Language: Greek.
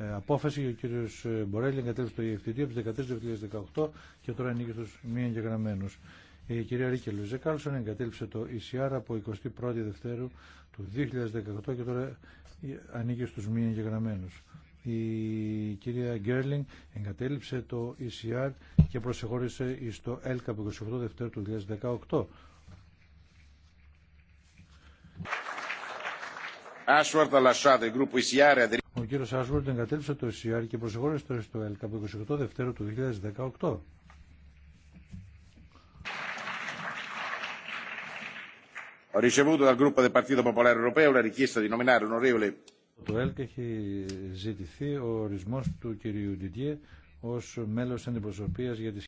Ε, απόφαση. Ο κύριο ε, Μπορέλη εγκατέλειψε το EFTD από το 13 2018 και τώρα ανήκει στου μη εγγεγραμμένου. Η κυρία Ρίκελ Ζεκάλσον εγκατέλειψε το ECR από 21η Δευτέρου του 2018 και τώρα ε, ανήκει στου μη εγγεγραμμένου. Η κυρία Γκέρλινγκ εγκατέλειψε το ECR και προσεχώρησε στο ΕΛΚΑ από 28 Δευτέρου του 2018. Ο κύριο Άσουαρτ εγκατέλειψε το ΕΣΥΑΡ και προσχώρησε το ΕΣΤΟΕΛΚ από 28 Δευτέρου του 2018. Ho ricevuto dal gruppo del Partito Popolare Europeo la richiesta di nominare Το ΕΛΚ έχει ζητηθεί ο ορισμό του κυρίου Ντιντιέ ω μέλο αντιπροσωπεία για σχέση.